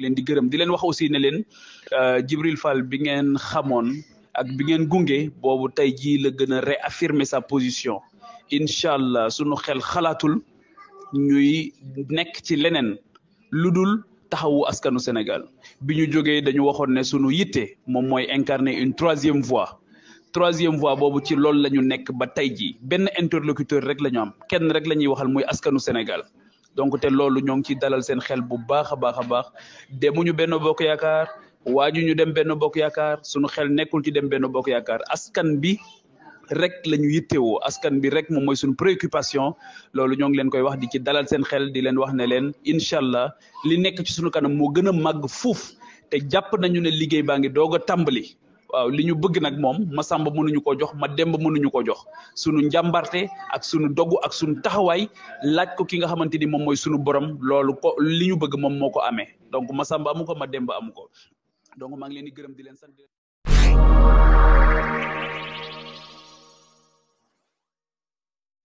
leen di gërëm di leen wax aussi ne leen euh, Djibril Fall bi ngeen xamoon ak bi ngeen gunge boobu tey jii la gën a réaffirmer sa position incha allah sunu xel xalaatul ñuy nekk ci leneen lu dul taxawu askanu Sénégal bi ñu jógee dañu waxoon ne sunu yitte moom mooy incarner une troisième voie troisième voie boobu ci loolu la ñu nekk ba tey jii benn interlocuteur rek la ñu am kenn rek la ñuy waxal muy askanu Sénégal. donc te loolu ñoo ngi ciy dalal seen xel bu baax a baax a baax demuñu benn bokk yaakaar waajuñu dem benn bokk yaakaar sunu xel nekkul ci dem benn bokk yaakaar askan bi rek la ñu yittewoo askan bi rek moom mooy suñu préoccupation loolu ñoo ngi leen koy wax di ci dalal seen xel di leen wax ne leen incha allah li nekk ci sunu kanam moo gën a màgg fuuf te jàpp nañu ne liggéey baa ngi doog a tàmbali waaw li ñu bëgg nag moom ma sàmba mënuñu ko jox ma demb mënuñu ko jox sunu njàmbarte ak sunu dogu ak sunu taxawaay laaj ko ki nga xamante ni moom mooy sunu borom loolu ko li ñu bëgg moom moo ko amee donc ma sàmba amu ko ma demb amu ko donc maa ngi leen di gërëm di leen sant